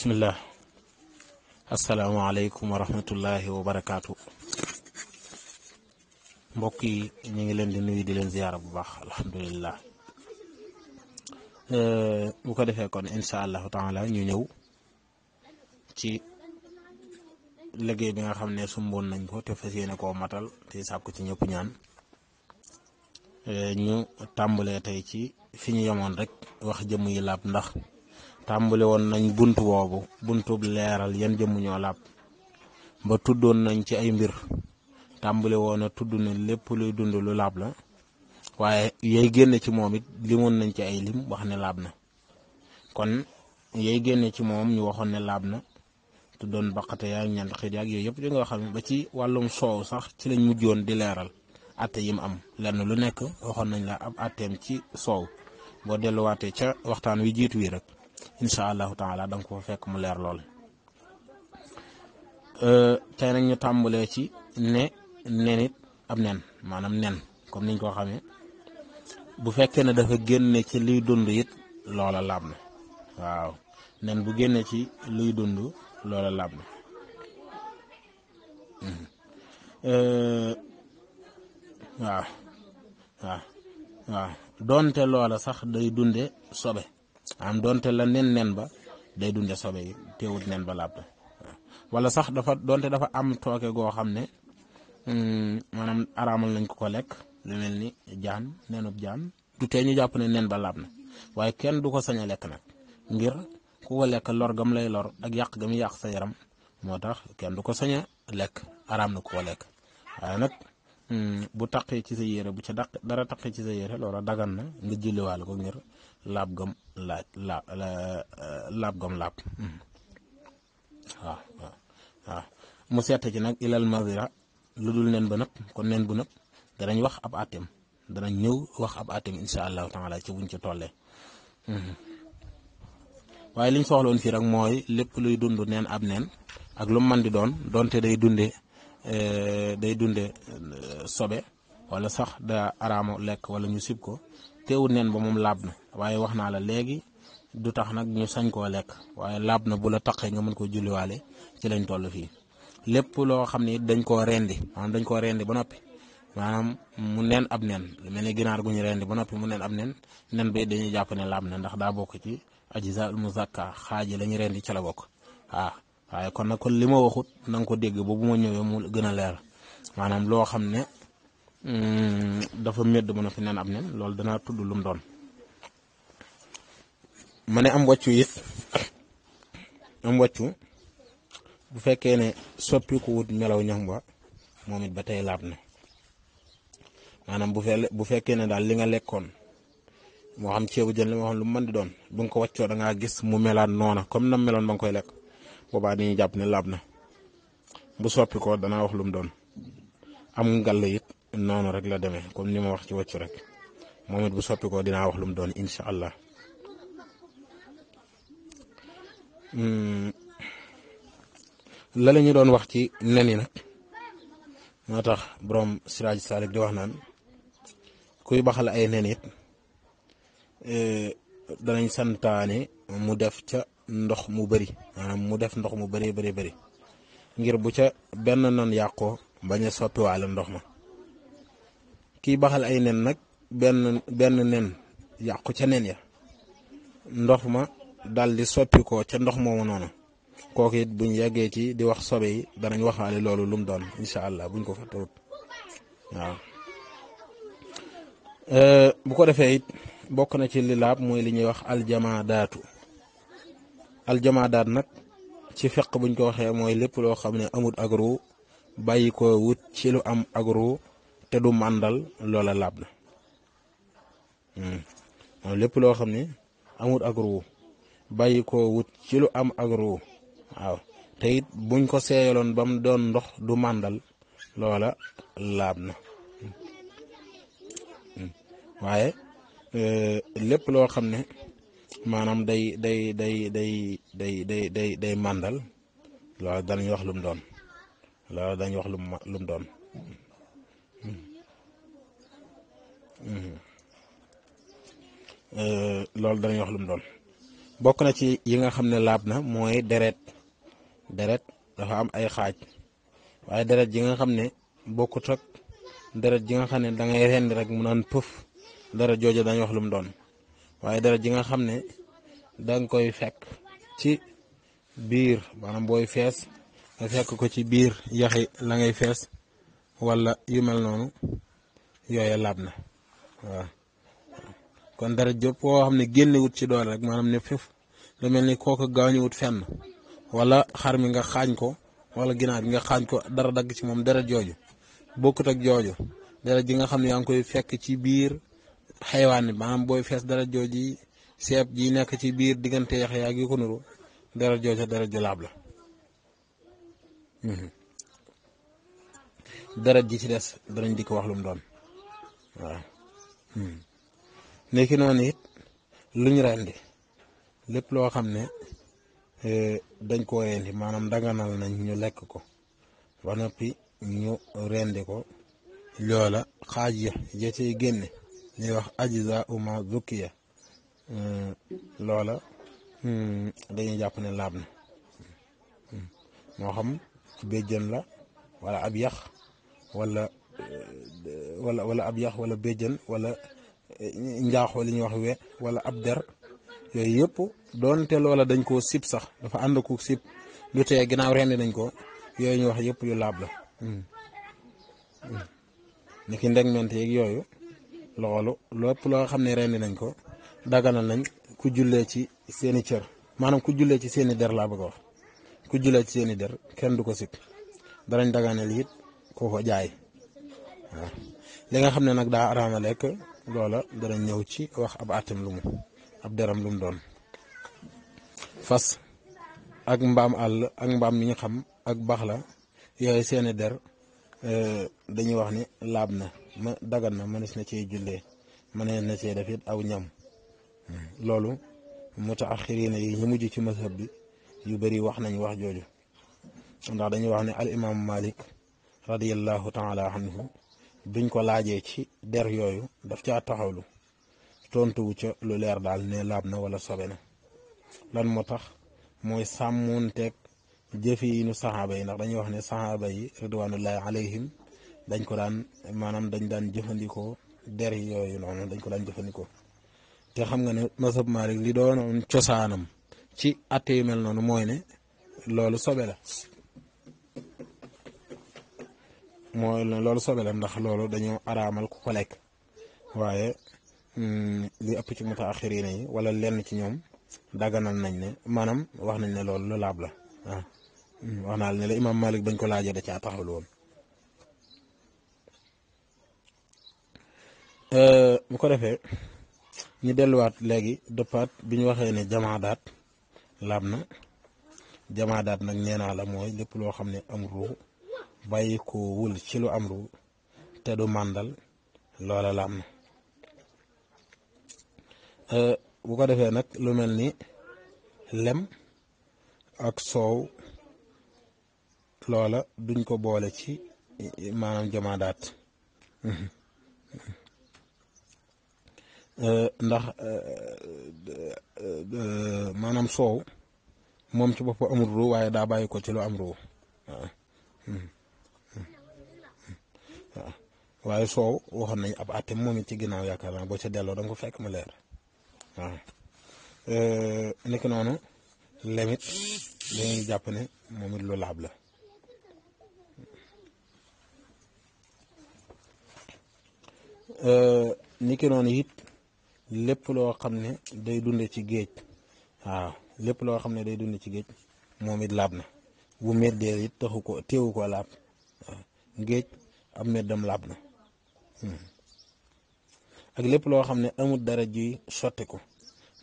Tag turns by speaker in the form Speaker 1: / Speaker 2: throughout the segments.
Speaker 1: bismillah asalaamaaleykum wa rahmatullahi wa mbokk yi ñu ngi leen di nuyu di leen ziyaara bu baax alhamdulillah euh, bu ko defee kon incha allahu taala ñu ñëw ci liggéey bi nga xam ne sumboon nañ ko te fas yéene koo matal te sàkku ci ñëpp ñaan euh, ñu tàmbalee tey ci fi ñu yemoon rek wax jëmm yi laab ndax tàmbali woon nañ bunt boobu buntub leeral yan jëmm ñoo làpp ba tuddoon nañ ci ay mbir tàmbali woon a tudd ne lépp luy dund lu laab la waaye yay génn ci moom it limoon nañ ci ay lim wax ne laab na kon yay génn ci moom ñu waxoon ne laab na tuddoon baqate yaag ñant xit yaag yooyu yëpp di nga xam ba ci wàllum soow sax ci lañ mujjoon di leeral atte yim am lenn lu nekk waxoon nañ la ab atteem ci soow boo delluwaatee ca waxtaan wi jiitu wi rek incha allahu taala da nga ko fekk mu leer lool euh, tey nag ñu tàmbalee ci ne nenit ab nen maanaam nen comme niñ ko xamee bu fekkee ne dafa génne ci luy dund it loola laab na bu génne ci luy dund loola laab na mhm. euh, waaw waaw waaw doonte loola sax day dunde sobe am donte la nen nen ba day dunde sobe yi teewut nen ba laab wala sax dafa donte dafa am tooke goo xam ne mm, maanaam araamal nañ ko ko lekk lu mel ni jaan nenub jaan du tee ñu jàpp ne nen ba laab na waaye kenn du ko sañ lekk nag ngir ku ko lekk lor gam lay lor ak yàq gam yàq sa yaram moo tax kenn du ko sañ lekk araam na ku ko lekk waaye nag mm, bu taqee ci sa yére bu ca daq dara taqee ci sa yére loola dagan na nga jëliwaale ko ngir laab gam laaj la euh, laab gom laab hmm. mu seet ci nag ilal mazira lu dul nen ba nëpp kon nen bu nëpp danañ wax ab atem danañ ñëw wax ab atem incha allahu taala ci buñ ci tollee hmm. waaye liñ soxla woon fii mooy lépp luy dund neen ab neen ak lu man di doon donte day dunde euh, day dunde euh, sobe wala sax daa araamo lekk wala ñu sib ko teewut nen ba moom laab na waaye wax naa la léegi du tax nag ñu sañ koo lekk waaye laab na bu la taqee nga mën koo julliwaale ci lañ toll fii lépp loo xam ne dañ koo rendi maanaam dañ koo rendi ba noppi maanaam mu nen ab nen lu mel ne ginaar gu ñu rendi ba noppi mu nen ab nen nen bi jàpp ne laab na ndax daa bokk ci ajizal muzakka xaaji la ñu rendi ca la bokk waaw waaye kon nag kon li ma waxut na ko dégg ba bu ma ñëwee mu gën a leer maanaam loo xam ne Mm, dafa medd mën a fi naan am nen loolu danaa tudd lum doon ma ne am wàccu it am wàccu bu fekkee ne soppiku wut melaw ñax ba moom it ba tey laab na maanaam bu fe bu fekkee ne daal li nga lekkoon moo xam ceebu jën li ma waxoon lu mën di doon bu nga ko wàccoo da ngaa gis mu melaat noona comme nam meloon ba nga koy lekk boobaa dañuy jàpp ne laab na bu soppi ko danaa wax lum mu doon am ngàll it noonu rek la démé comme nima wax ci wàccu rek momit bu soppi ko wax lum doon inshallah allah hmm. la lañu don doon wax ci nani nak motax borom siraj salik di wax nan kuy baxal ay nen mudaf eh, danañ santane mu def ca ndox mu bari manam mu def ndox mu bari bari bari ngir bu ca ben nan yaqo baña soppi wala ndox ma kiy baxal ay nen nag benn benn nen yàqu ca nen ya ndox ma dal di soppi ko ca ndox moomu noonu kooku it buñ yeggee ci di wax sobe yi danañ waxaale loolu lum doon incha allah buñ ko fàttewut waaw euh, bu ko defee it bokk na ci li laab mooy li ñuy wax daatu aljamaadaatu daat nag ci feq buñ ko waxee mooy lépp loo xam ne amut agro bàyyi ko wut ci lu am agro te du màndal loola laab na hmm. lépp loo xam ne amut ak ruu bàyyi ko wut ci lu am ak ruu waaw te it buñ ko seeyaloon ba mu doon ndox du màndal loola laab na hmm. Hmm. waaye euh, lépp loo xam ne maanaam day day day day day day day day màndal loola dañuy wax lu mu doon loola dañuy wax lu mu doon Euh, loolu danañ wax lu mu doon bokk na ci yi nga xam ne laab na mooy deret deret dafa am ay xaaj waaye deret ji nga xam ne bokkut ak deret ji nga xam ne da ngay rendi rek mu naan pëf deret jooju dañ wax lu mu doon waaye deret ji nga xam ne danga koy fekk ci biir maanaam booy fees nga fekk ko ci biir yaxi la ngay fees wala yu mel noonu yooya laab na waaw kon dara jóg koo xam ne génne ci doole rek maanaam ne fépp lu mel ni kooku gaañu fenn walla xar mi nga xaañ ko wala ginaar bi nga xaañ ko dara dagg ci moom dara jooju bokkut ak jooju dara ji nga xam ne yaa ngi koy fekk ci biir xaywaan bi maanaam booy fees dara jooji seeb ji nekk ci biir diggante yax yaa ngi ko nuru dara jooja dara julaab la. Mhm. dara ji ci des danañ di ko wax lum mu doon waaw. Mhm. nekki noonu it luñ rendi lépp loo xam ne e, dañ koo rendi maanaam daganal nañ ñu lekk ko ba noppi ñu rendi ko loola xaaj ya ja cay génne ñuy wax aji sa uma zukkiya e, loola hmm, dañuy jàpp ne laab na hmm, moo xam ci la wala ab yax wala e, wala wala ab yax wala béjjën wala njaaxoo li ñuy wax we wala ab der yooyu yëpp doonte loola dañ koo sib sax dafa ànd ko sib lu tee ginnaaw rendi nañ ko yooyu ñu wax yëpp yu laab la hmm. Hmm. ni ki ndegmente yeeg yooyu loolu loo xam ne rendi nañ ko daganal nañ ku jullee ci seeni cër maanaam ku jullee ci seeni der laa bëgg a wax ku jullee ci seeni der kenn du ko sib darañ daganal it koo ko jaay waaw nga xam ne nag daa araama lekk loola dana ñëw ci wax ab atam lu mu ab deram lu mu doon fas ak mbaam àll ak mbaam mi ñu xam ak bax la yooyu seeni der euh, dañuy wax ni laab na ma dagan na mënees na cee jullee mënees na cee def it aw ñam hmm. loolu mutaaxiriina yi ñu mujj ci mazhab bi yu bari wax nañ wax jooju ndax dañuy wax ne al imaamu malik radiyallahu taala anhu duñ ko laajee ci der yooyu daf caa taxawlu tontuwu ca lu leer daal ne laab na wala sobe na lan moo tax mooy sàmmoonteeg jëfe yi nu saxaaba yi ndax dañuy wax ne saxaaba yi ridwanullahi alayhim dañ ko daan maanaam dañ daan jëfandikoo der yooyu noonu dañ ko daan jëfandikoo te xam nga ne masab Maalik li doonoon cosaanam ci atte yu mel noonu mooy ne loolu sobe la mooy loolu sobe la ndax loolu dañoo araamal ku ko lekk waaye mm, li ëpp ci mutaaxiriin yi wala lenn ci ñoom daganal nañ ne maanaam wax nañ ne loolu lu laab la mm, wax naa ne la imaam Malik bañ ko laajee da caa taxawlu woon. Euh, bu ko defee ñu delluwaat léegi dëppaat bi ñu waxee ne jamaadaat laab na jamaadaat nag nee la mooy lépp loo xam ne am ruux. bàyyi wul ci lu am ru te du màndal loola la na euh, bu ko defee nag lu mel ni lem ak soow loola duñ ko boole ci maanaam jamaadaat euh, ndax euh, maanaam soow moom ci bopp amul ru waaye daa bàyyi ko ci lu am ru waaye soow waxoon nañ ab àtte moom it ci ginnaaw yaakaar naa boo ca delloo da nga ko fekk mu leer waaw euh, nekk noonu lemit dañuy jàpp ne moom it lu laab la euh, niki noonu it lépp loo xam ne day dunde ci géej waaw lépp loo xam ne day dunde ci géej moom it laab na bu méddee it taxu ko téewu laab géej am meddam laab na hmm. ak lépp loo xam ne amul dara juy sottiku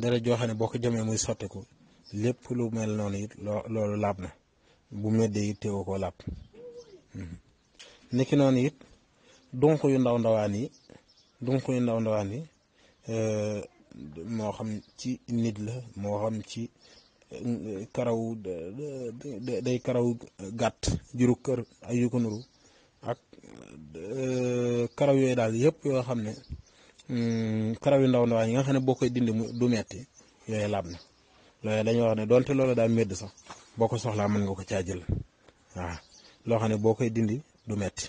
Speaker 1: dara joo xam ne boo ko jëmee muy sottiku lépp lu mel noonu it loolu laab na bu meddee it teewoo koo laab hmm. nekki noonu it dunq yu ndaw ndawaan yi dunq yu ndaw ndawaan yi euh, moo xam ci nit la moo xam ci euh, karaw euh, day karaw gàtt juru kër ay yu ko nuru ak euh, karaw yooyu daal yëpp yoo xam ne mm, karaw yu ndaw ndawaan yi nga xam ne boo koy dindi du metti yooyu laab na loolu dañuy wax ne donte loolu daal médd sax boo ko soxlaa mën nga ko caa jël waaw loo xam ne boo koy dindi du metti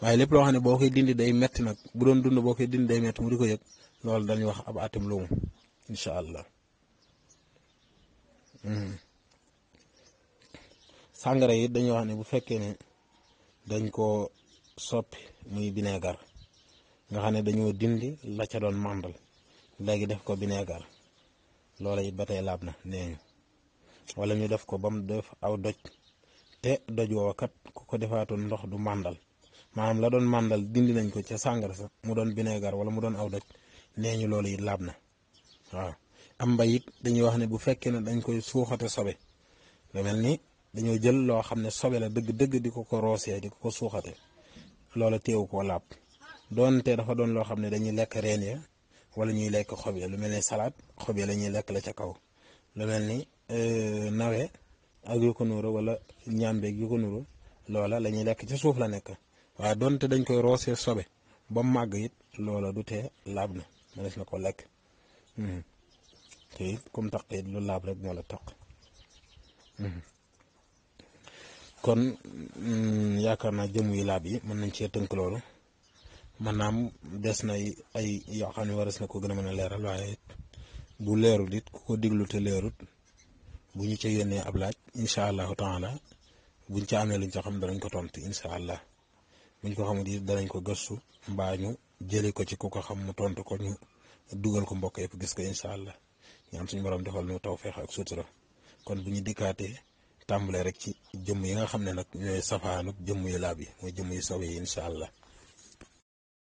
Speaker 1: waaye lépp loo xam ne boo koy dindi day metti nag bu doon dund boo koy dindi day metti mu di ko yëg loolu dañuy wax ab atam luumu incha allah mm-hmm. sàngara yi dañuy wax ne bu fekkee ne dañ koo soppi muy bineegar nga xam ne dañoo dindi la ca doon màndal léegi def ko bineegar loola it ba tey laab na nee ñu wala ñu def ko ba mu def aw doj te doj woowa kat ku ko defaatoon ndox du màndal maanaam la doon màndal dindi nañ ko ca sàngara sax mu doon bineegar wala mu doon aw doj nee ñu loolu it laab na waaw am mbay it dañuy wax ne bu fekkee na dañ koy suuxate sobe lu mel ni dañoo jël loo xam ne sobe la dëgg-dëgg di ko ko roosee di ko ko suuxate loola teewu koo làpp doonte dafa doon loo xam ne dañuy lekk reen ya wala ñuy lekk xob ya lu mel ni salaat xob ya la ñuy lekk la ca kaw lu mel ni euh, nawe ak yu ko nuuru wala ñàmbeeg yu ko nuuru loola lañuy ñuy lekk ci suuf la nekk waaye doonte dañ koy roosee sobe ba màgg yit loola du tee laab na mënees na ko lekk hmm. te it comme taq it lu laab rek ñoo la taq hmm. kon mm, yaakaar naa jëm yu laab yi mën nañ cee tënk loolu maanaam des na ay yoo xam ne waras na ko gën a mën a leeral waaye bu leeru it ku ko diglu te leerut bu ñu ca yónnee ab laaj incha allahu taala buñ ci amee luñ ca xam danañ ko tontu incha allah buñ ko xamul it danañ ko gëstu mbaa ñu jëlee ko ci ku ko xam mu tontu ko ñu dugal ko mbokk yëpp gis ko incha allah ñaan suñu borom defal ñu tawféex ak sutura kon bu ñu dikkaatee. tàmbalee rek ci jëmm yi nga xam ne nag ñooy safaanuk jëmm yu laab yi mooy jëmm yu sawe yi allah